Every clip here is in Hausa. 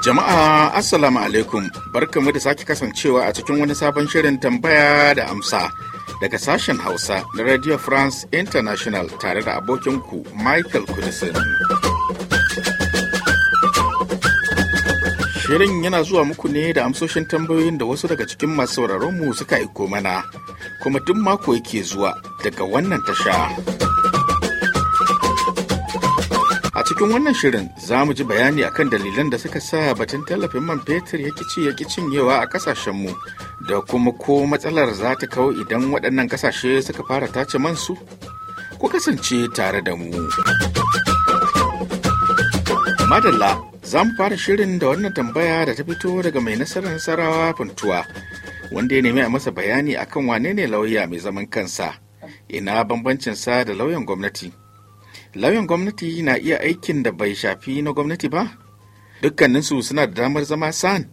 Jama'a Assalamu alaikum barkamu da sake kasancewa a cikin wani sabon shirin tambaya da amsa daga sashen Hausa na Radio France International tare da abokinku Michael Kudisin. Shirin yana zuwa muku ne da amsoshin tambayoyin da wasu daga cikin masu sauraron mu suka aiko mana, kuma duk mako yake zuwa daga wannan tasha. A cikin wannan shirin za mu ji bayani akan dalilan da suka sa batun tallafin man fetur ya kici ya yawa a mu da kuma ko matsalar za ta kawo idan waɗannan kasashe suka fara tace man su? Ku kasance tare da mu. Madalla za fara shirin da wannan tambaya da ta fito daga mai nasarar sarawa funtuwa wanda ya nemi a masa bayani akan wane ne lauya mai zaman kansa ina bambancin sa da lauyan gwamnati lauyan gwamnati na iya aikin da bai shafi na gwamnati ba dukkaninsu suna da damar zama san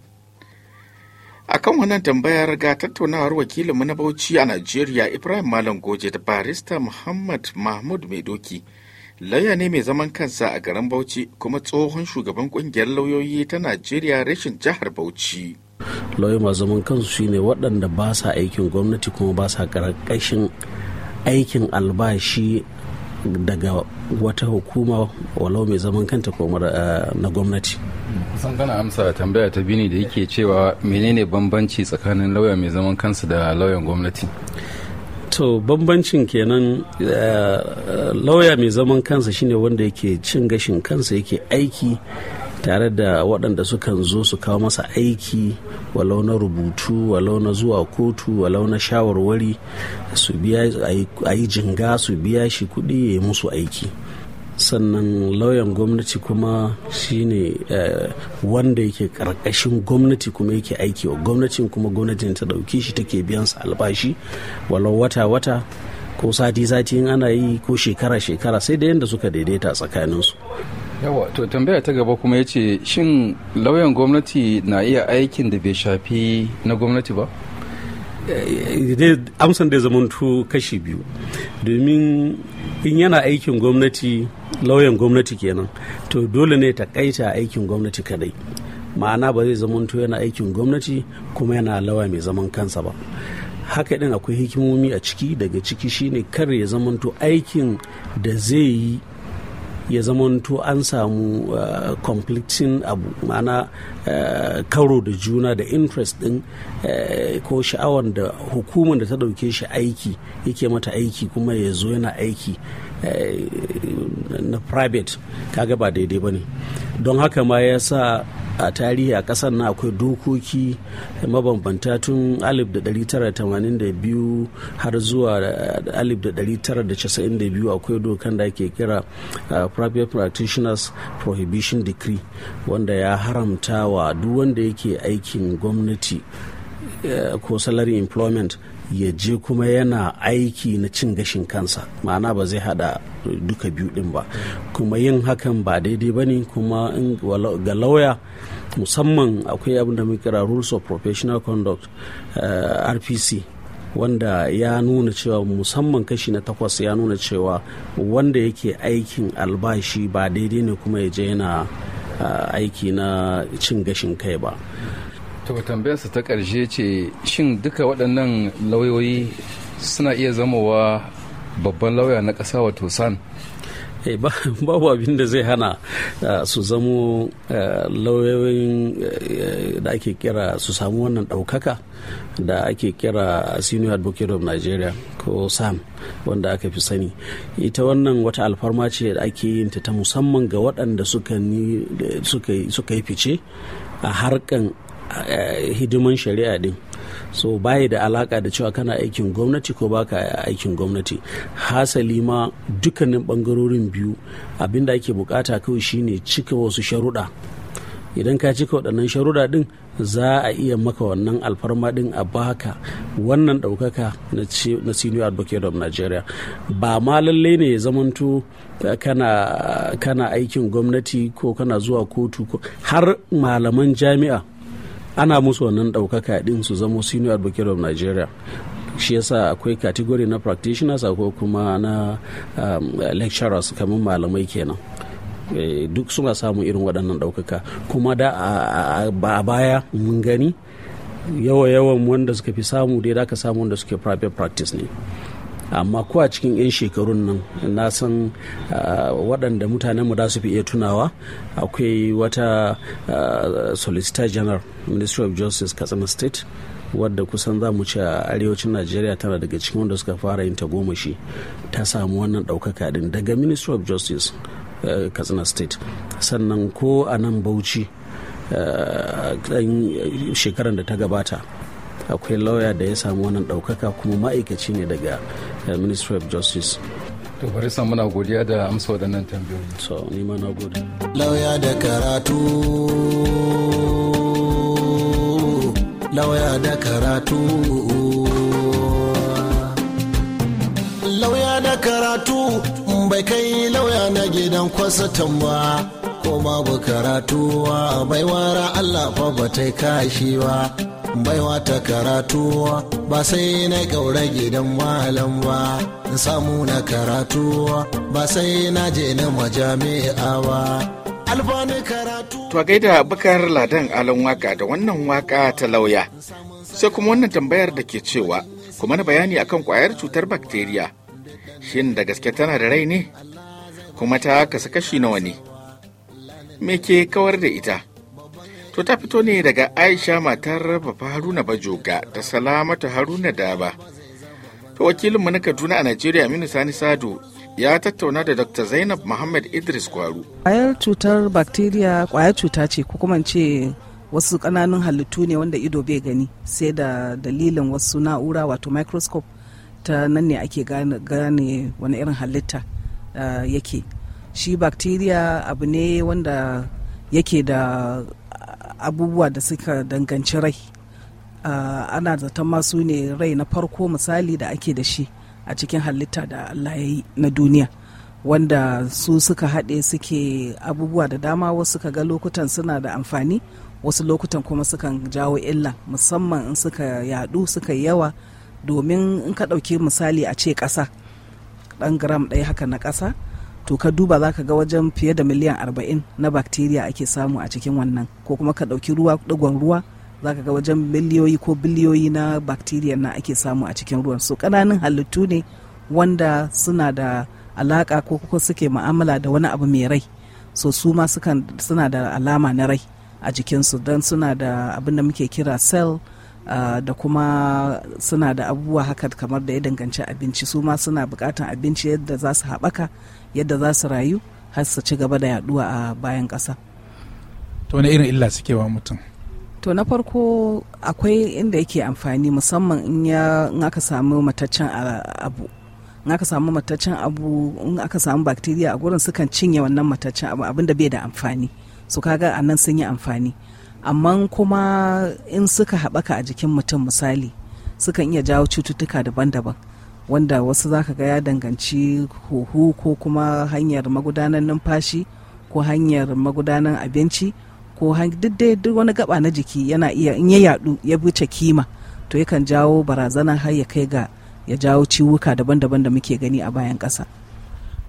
akan wannan tambayar ga tattaunawar wakilinmu na bauchi a najeriya ibrahim malam goje da barista muhammad mahmud mai doki lauya ne mai zaman kansa a garin bauchi kuma tsohon shugaban kungiyar lauyoyi ta najeriya rashin jihar bauchi lauyoyi masu zaman kansu shine waɗanda ba sa aikin gwamnati kuma ba sa ƙarƙashin aikin albashi daga wata hukuma walau mai zaman kanta ko eh, na gwamnati kusan kana amsa tambaya ta bini da yake cewa menene bambanci tsakanin lauya mai zaman kansa da lauyan gwamnati to bambancin kenan eh, lauya mai zaman kansa shine wanda yake cin gashin kansa yake aiki tare da waɗanda sukan zo su kawo masa aiki walau na rubutu walau na zuwa kotu walau na shawarwari su biya a yi jinga su biya shi kuɗi ya yi musu aiki sannan lauyan gwamnati kuma shine eh, wanda yake karkashin gwamnati kuma yake aiki wa gwamnatin kuma gwamnatin ta dauki shi take biyan sa albashi walau wata-wata ko sati-sati in ana yi ko shekara-shekara sai da yadda suka daidaita tsakaninsu yawa to tambaya ta gaba kuma ya ce shin lauyan gwamnati na iya aikin da bai shafi na gwamnati ba amsan da zamanto kashi biyu domin in yana aikin gwamnati lauyan gwamnati kenan to dole ne ta kaita aikin gwamnati kadai ma'ana ba zai zamanto yana aikin gwamnati kuma yana lawa mai zaman kansa ba haka din akwai hikimomi a ciki daga ciki shine kar ya zamantu aikin da zai yi ya zamanto an samu ah, conflicting abu ma'ana Eh, karo da juna da interest din eh, ko sha'awar da hukumar da ta ɗauke shi aiki yake mata aiki kuma ya zo yana aiki eh, na private kaga ba daidai ba ne don haka ma ya sa a tarihi a ƙasar na akwai dokoki mabambanta tun 1982 har zuwa 1992 akwai dokan da ake kira private practitioners prohibition decree wanda ya haramta cewa duk wanda yake aikin gwamnati eh, ko salary employment ya je kuma yana aiki na cin gashin kansa ma'ana ba zai hada duka biyu din ba kuma yin hakan ba daidai ba ne kuma ga lauya musamman akwai abin da muke kira rules of professional conduct eh, rpc wanda ya nuna cewa musamman kashi na takwas ya nuna cewa wanda yake aikin albashi ba daidai ne kuma ya je yana aiki na cin gashin kai ba to tambayarsa ta ƙarshe ce shin duka waɗannan lauyoyi suna iya zamowa babban lauya na ƙasa wato san Eh, babu abin da zai hana eh, su zamo eh, lauyoyin da ake kira su samu wannan ɗaukaka da ake kira senior advocate of nigeria ko sam wanda aka fi sani ita wannan wata alfarma ce da ake yin ta musamman ga waɗanda suka yi fice a harkan hidiman shari'a din so baya da alaka da cewa kana aikin gwamnati ko baka aikin gwamnati hasali ma dukkanin bangarorin biyu abinda ake bukata kawai shine cika wasu sharuɗa idan ka cika waɗannan sharuɗa din za a iya maka wannan alfarma din a baka wannan ɗaukaka na senior advocate of nigeria ba ma lallai ne ya zamanto eh, kana aikin gwamnati ko kana zuwa kotu har malaman jami'a ana musu wannan ɗaukaka ɗin su zamo senior advocate of nigeria shi yasa akwai category na practitioners akwai kuma na um, lecturers kamar malamai kenan eh, duk suna samun irin waɗannan ɗaukaka kuma da a baya mun gani yawa-yawan wanda suka fi samu dai da ka samu wanda suke private practice ne amma ko a cikin 'yan shekarun nan na san waɗanda mutanenmu da su fi iya tunawa akwai wata solicitor general ministry of justice katsina state wadda kusan za mu ce a arewacin najeriya tana daga cikin wanda suka fara yin shi ta samu wannan ɗaukaka din daga ministry of justice katsina state sannan ko a nan bauchi ɗan shekarar da ta gabata akwai lauya da ya samu wannan ɗaukaka kuma ma'aikaci ne daga Eh, ministry of justice to bari san muna godiya da amsa waɗannan tambayoyi so ni ma na gode lauya da karatu lauya da karatu lauya da karatu bai kai lauya na gidan kwasatan ba ko babu karatuwa bai wara allah fa ba ta kashi ba baiwa ta karatuwa ba sai na gaura gidan malam ba in samu na karatu ba sai na je na majami'a ba alfani karatu to gaida bakar ladan alon waka da wannan waka ta lauya sai kuma wannan tambayar da ke cewa kuma na bayani akan kwayar cutar bakteriya shin da gaske tana da rai ne kuma ta kasa kashi nawa ne me ke kawar da ita To ta fito ne daga Aisha matar Baba Haruna Bajoga da Salamatu Haruna Daba. To mu na Kaduna a Najeriya Aminu Sani sadu ya tattauna da Dr. Zainab Muhammad Idris Kwaru. ƙwayar cutar bacteria ƙwayar cuta ce ko kuma ce wasu ƙananun halittu ne wanda ido bai gani sai da dalilin wasu na'ura wato microscope ta nan ne ake gane, gane wani irin halitta uh, yake. Shi bacteria abu ne wanda yake da abubuwa da suka danganci rai ah, ana zaton masu ne rai na farko misali da ake da shi a cikin halitta da allah yi na duniya wanda su suka haɗe suke abubuwa da dama wasu suka ga lokutan suna da amfani wasu lokutan kuma sukan jawo illa musamman in suka yaɗu suka yi yawa domin in ka ɗauki misali a ce ƙasa ɗan gram ɗaya haka na ƙasa to ka duba za ka ga wajen fiye da miliyan 40 na bakteriya ake samu a cikin wannan ko kuma ka ɗauki ruwa ɗigon ruwa za ka ga wajen miliyoyi ko biliyoyi na bakteriya na ake samu a cikin ruwan su kananan halittu ne wanda suna da alaƙa ko kuma suke ma'amala da wani abu mai rai so su ma suna da alama na rai a jikinsu don suna da abin da muke kira cell Ah, da kuma suna da abubuwa haka kamar da ya danganci abinci su ma suna bukatan abinci yadda za su haɓaka yadda za su rayu har su ci gaba da yaduwa a bayan ƙasa to na irin illa suke wa mutum to na farko akwai inda yake amfani musamman in ya aka samu mataccen ah, abu in aka samu mataccen abu in aka samu bacteria a gurin sukan cinye wannan mataccen abu abinda bai da amfani su kaga a nan sun yi amfani amma kuma in suka haɓaka a jikin mutum misali sukan iya jawo cututtuka daban-daban wanda wasu zaka ga ya danganci huhu ko kuma hanyar magudanar numfashi ko hanyar magudanar abinci ko duk dai duk wani gaba na jiki yana iya in ya yadu ya wuce kima to yakan jawo barazana har ya kai ga ya jawo ciwuka daban-daban da muke gani a bayan ƙasa.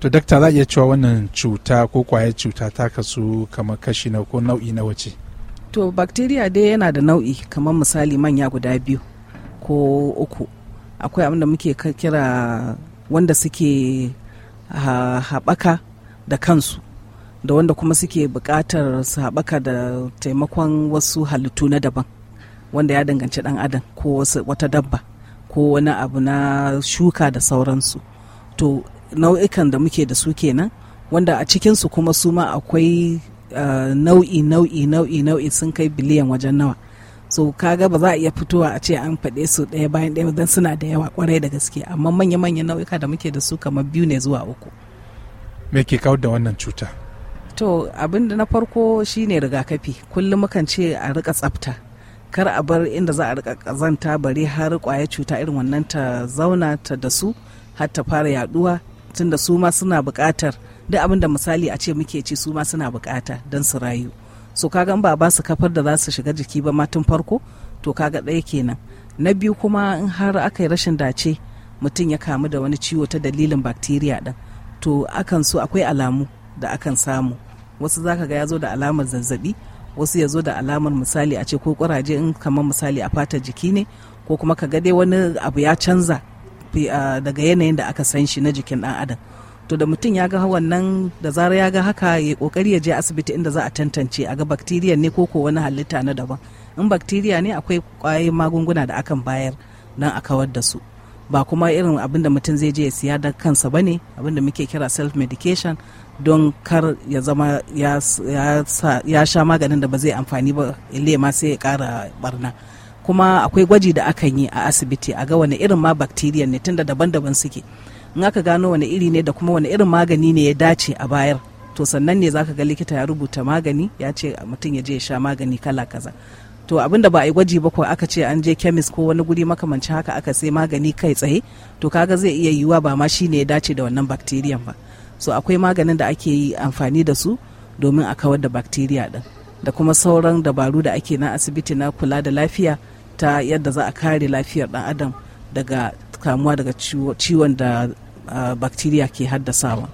to dakta za iya cewa wannan cuta ko kwayar cuta ta kasu kamar kashi na ko nau'i na wace to bacteria dai yana da nau'i kamar misali manya guda biyu ko uku akwai abinda muke kira wanda suke haɓaka da kansu da wanda kuma suke buƙatar su haɓaka da taimakon wasu halittu na daban wanda ya danganci ɗan adam ko wata dabba ko wani abu na shuka da sauransu to nau'ikan da muke da su kenan wanda a cikinsu kuma su ma akwai nau'i nau'i nau'i nau'i sun kai biliyan wajen nawa so kaga ba za a iya fitowa a ce an faɗe su ɗaya bayan ɗaya don suna da yawa kwarai da gaske amma manya-manyan nau'ika da muke da su kamar biyu ne zuwa uku me ke kawar da wannan cuta to abin da na farko shine rigakafi kullum mukan ce a rika tsafta kar a bar inda za a rika kazanta bare har kwaya cuta irin wannan ta zauna ta da su har ta fara yaduwa tunda su ma suna buƙatar duk abin da misali a ce muke ci su ma suna bukata don su rayu so kaga in ba ba su kafar da za su shiga jiki ba matun farko to kaga ɗaya kenan na biyu kuma in har aka yi rashin dace mutum ya kamu da wani ciwo ta dalilin bakteriya ɗin to akan so akwai alamu da akan samu wasu zaka ga ya zo da alamar zazzabi wasu ya zo da alamar misali a ce ko kuraje in kamar misali a fatar jiki ne ko kuma ka ga dai wani abu ya canza ah, daga yanayin da aka san shi na jikin ɗan adam to da mutum ya ga wannan da zara ya ga haka ya kokari ya je asibiti inda za a tantance a ga bakteriya ne ko ko wani halitta na daban in bakteriya ne akwai kwayoyin magunguna da akan bayar don a kawar da su ba kuma irin abin da mutum zai je ya siya da kansa ba ne abin da muke kira self medication don kar ya zama ya sha maganin da ba zai amfani ba ile ma sai ya kara barna kuma akwai gwaji da akan yi a asibiti a ga wani irin ma bakteriya ne tunda daban-daban suke in aka gano wani iri ne da kuma wani irin magani ne ya dace a bayar to sannan ne zaka ga likita ya rubuta magani ya ce mutum ya je ya sha magani kala kaza to abin da ba a yi gwaji ba ko aka ce an je kemis ko wani guri makamanci haka aka sai magani kai tsaye to kaga zai iya yiwuwa ba ma shi ne ya dace da wannan bakteriyan ba so akwai maganin da ake yi amfani da su domin a kawar da bakteriya din da kuma sauran dabaru da ake na asibiti na kula da lafiya ta yadda za a kare lafiyar dan adam daga kamuwa daga ciwon da ah, bacteria ke haddasawa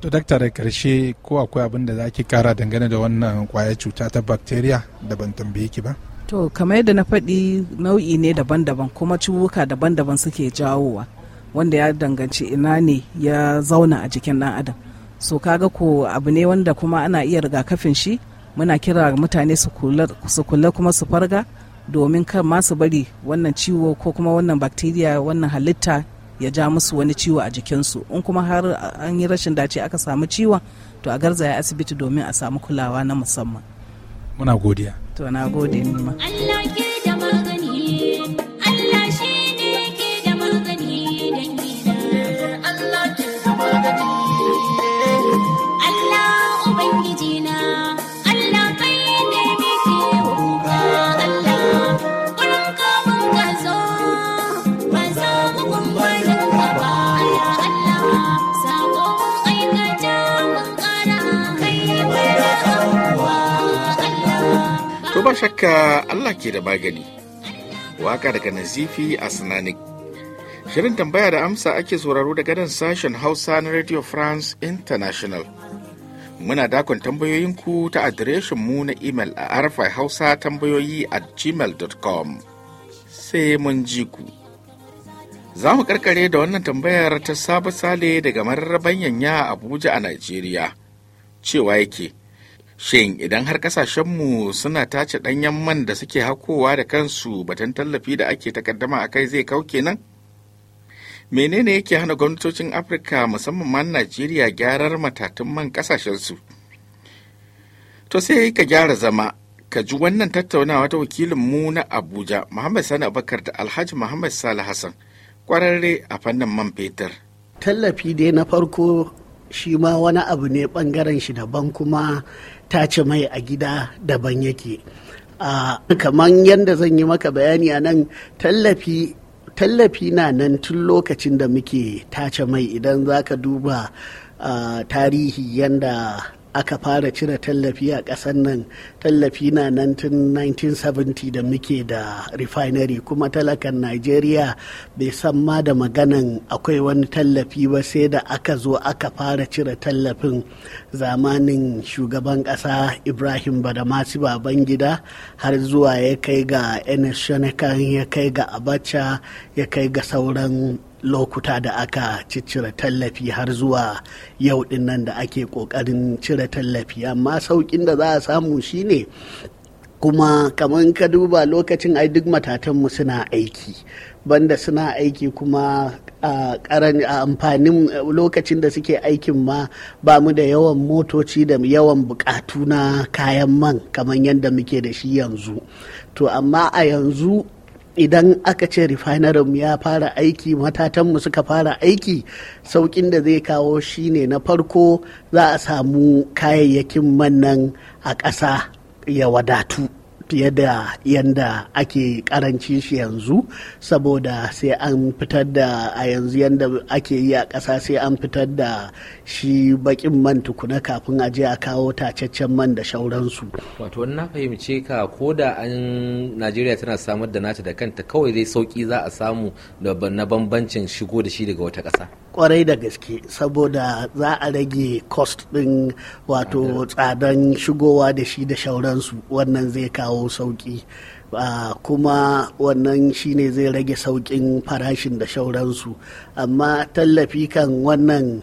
to dakta da karshe ko akwai abin da za ki kara dangane da wannan kwayar cuta ta bacteria da ban tambaye ki ba to kamar yadda na faɗi nau'i ne daban-daban kuma ciwuka daban-daban suke jawowa wanda ya danganci ina ne ya zauna a jikin ɗan adam so kaga ko abu ne wanda kuma ana iya rigakafin shi muna kira mutane su kula kuma su farga domin kan masu bari wannan ciwo ko kuma wannan bakteriya wannan halitta ya ja musu wani ciwo a jikinsu in kuma har an yi rashin dace aka samu ciwon to a garzaya asibiti domin a samu kulawa na musamman muna godiya to na gode Allah ba shakka Allah ke da magani. Waka daga Nazifi a Sinanik. Shirin tambaya da amsa ake sauraro da gadon sashen Hausa na Radio France International. Muna dakon tambayoyinku ta adireshin mu na imel a arfai hausa tambayoyi a gmail.com. Sai mun ji ku. Za mu karkare da wannan tambayar ta Sabu Sale daga mararraban yanya a Abuja a Najeriya. Cewa yake. Shin idan har kasashenmu suna tace ɗanyen man da suke hakowa da kansu batun tallafi da ake takaddama a kai zai kau kenan? Menene yake hana gwamnatocin Afirka musamman man Najeriya gyarar matatun man kasashensu? To sai ka gyara zama, ka ji wannan tattaunawa ta wakilinmu na Abuja, Muhammad Sani Abakar da Alhaji Muhammad Salih Hassan, kwararre a fannin man fetur. Tallafi dai na farko shi ma wani abu ne bangaren shi daban kuma tace mai a gida daban yake kamar yadda zan yi maka bayani a nan tallafi tallafi na nan tun lokacin da muke tace mai idan za ka duba tarihi yadda aka fara cire tallafi a ƙasar nan tallafi na 1970 da muke da refinery kuma talakan Najeriya bai san ma da maganan akwai wani tallafi ba sai da aka zo aka fara cire tallafin zamanin shugaban ƙasa Ibrahim Badamasi gida har zuwa ya kai ga Enes Shonekan ya kai ga Abacha ya kai ga sauran lokuta da aka ciccire tallafi har zuwa yau din nan da ake kokarin cire tallafi amma saukin da za a samu shine kuma kamar ka duba lokacin ai duk matatanmu suna aiki banda suna aiki kuma a karan amfanin lokacin da suke aikin ma ba mu da yawan motoci da yawan bukatu na kayan man kamar yadda muke da shi yanzu to amma a yanzu idan aka ce refinery ya fara aiki matatanmu suka fara aiki saukin da zai kawo shine na farko za a samu kayayyakin mannan a ƙasa ya wadatu fiye da yadda ake karanci shi yanzu saboda sai an fitar da a yanzu yadda ake yi a ƙasa sai an fitar da shi bakin man tukuna kafin a je a kawo tacaccen man da shauransu wato na fahimce ka ko da an najeriya tana samar da nata da kanta kawai zai sauki za a samu na bambancin shigo da shi daga wata ƙasa kwarai da gaske saboda za a rage cost din wato tsadan shigowa da shi da shauransu wannan zai kawo sauki kuma wannan shine zai rage saukin farashin da shauransu amma tallafi kan wannan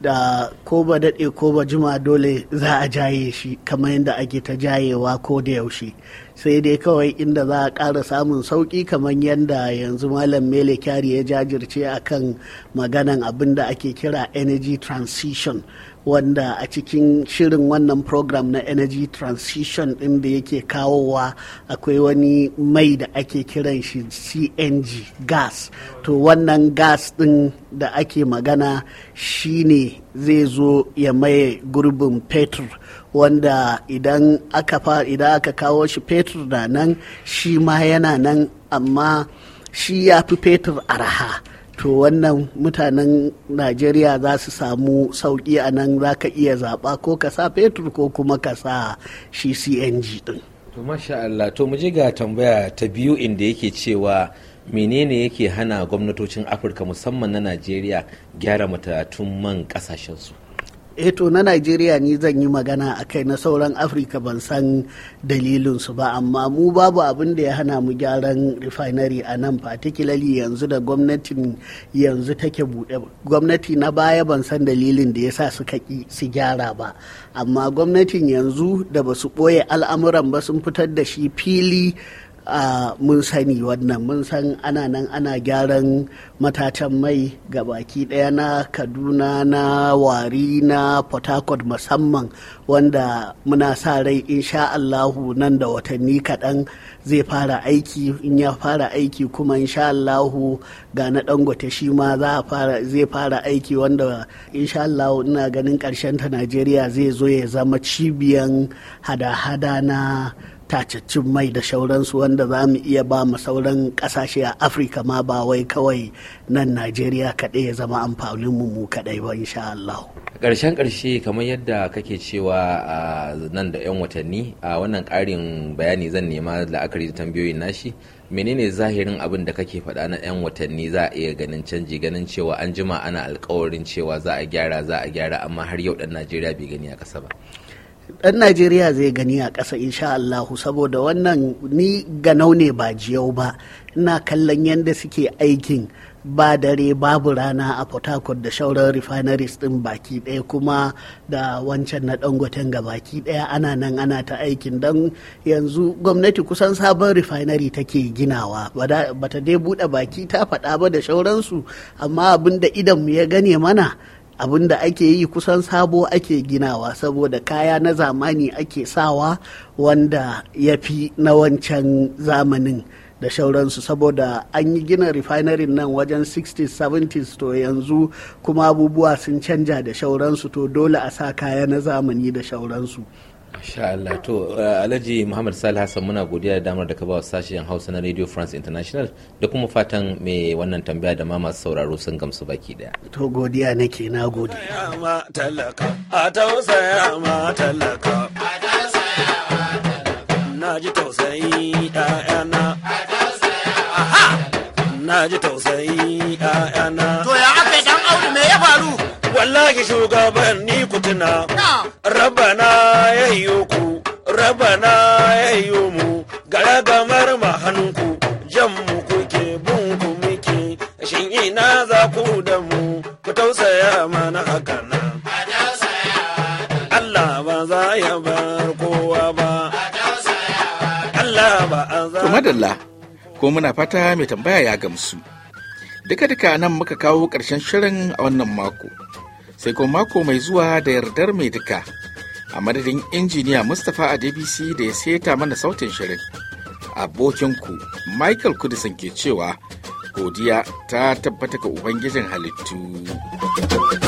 da ko ba daɗe ko ba jima dole za a jaye shi kamar yadda ake ta jayewa ko da yaushe sai dai kawai inda za a ƙara samun sauƙi kamar yadda yanzu malam mele kyari ya jajirce a kan maganan abin da ake kira energy transition wanda a cikin shirin wannan program na energy transition ɗin da yake kawowa akwai wani mai da ake kiran shi cng gas to wannan gas ɗin da ake magana shine zai zo ya maye gurbin fetur wanda idan aka idan aka kawo shi fetur da nan shi ma yana nan amma shi ya fi fetur araha to wannan mutanen najeriya za su samu sauki a nan za ka iya zaɓa ko ka sa fetur ko kuma ka sa shi cng din to masha to mu ga tambaya ta biyu inda yake cewa menene yake hana gwamnatocin afirka musamman na najeriya gyara matatun man kasashensu eto eh na najeriya ni zan yi magana a kai na sauran afirka ban san dalilinsu ba amma mu babu abin da ya hana mu gyaran refinery a nan particularly yanzu da gwamnatin yanzu take buɗe gwamnati na baya ban san dalilin da ya sa suka ki su gyara ba amma gwamnatin yanzu da ba su ɓoye al'amuran ba sun fitar da shi fili a mun sani wannan mun san ana nan ana gyaran matatan mai ga baki ɗaya na kaduna na wari na port harcourt musamman wanda muna sa rai insha allahu nan da watanni kaɗan zai fara aiki in ya fara aiki kuma insha allahu ga na dangote shi ma zai fara aiki wanda insha allahu ina ganin ƙarshen ta najeriya zai zo ya zama cibiyan hada-hada na tacaccin mai da shauransu wanda za mu iya ba mu sauran kasashe a afirka ma ba wai kawai nan najeriya kaɗai ya zama amfanin mu mu kaɗai ba insha Allah. ƙarshen ƙarshe kamar yadda kake cewa a nan da 'yan watanni a wannan ƙarin bayani zan nema la'akari da tambayoyin nashi menene zahirin abin da kake faɗa na 'yan watanni za a iya ganin canji ganin cewa an jima ana alkawarin cewa za a gyara za a gyara amma har yau ɗan najeriya bai gani a ƙasa ba ɗan najeriya zai gani a ƙasa insha Allahu saboda wannan ni ganau ne ba jiyau ba ina kallon yadda suke aikin ba dare babu rana a port da shauran refineries ɗin baki ɗaya kuma da wancan na dangoten ga baki ɗaya ana nan ana ta aikin don yanzu gwamnati kusan sabon refinery take ginawa bata dai buɗe baki ta faɗa ba da shauransu amma abin da mu ya gane mana abin da ake yi kusan sabo ake ginawa saboda kaya na zamani ake sawa wanda ya fi na wancan zamanin da shauransu saboda an yi gina refinery nan wajen 60s 70s to yanzu kuma abubuwa sun canja da shauransu to dole a sa kaya na zamani da shauransu Masha Allah to uh, Alhaji Muhammad Salih Hassan muna godiya da damar da ka ba sashen Hausa na Radio France International da kuma fatan me wannan tambaya da ma masu sauraro sun gamsu baki daya. To godiya nake na gode. A tausaya ma talaka. Na ji tausayi ɗaya Na ji tausayi ɗayana. To ya aka dan aure me ya faru? Wallahi shugaban ni kutuna. bana ya yi mu garagamar mahanku jan mu kuke bunku miki muke shin ina za ku da mu ku tausaya mana haka nan. Allah ba za ya bar kowa ba. Allah ba a za. To madalla, ko muna fata mai tambaya ya gamsu. Duka-duka nan muka kawo ƙarshen shirin a wannan mako, sai kuma mako mai zuwa da yardar mai duka. a madadin injiniya mustapha adebisi da ya seta mana sautin shirin abokin ku michael kudisan ke cewa godiya ta tabbata ga ubangijin halittu.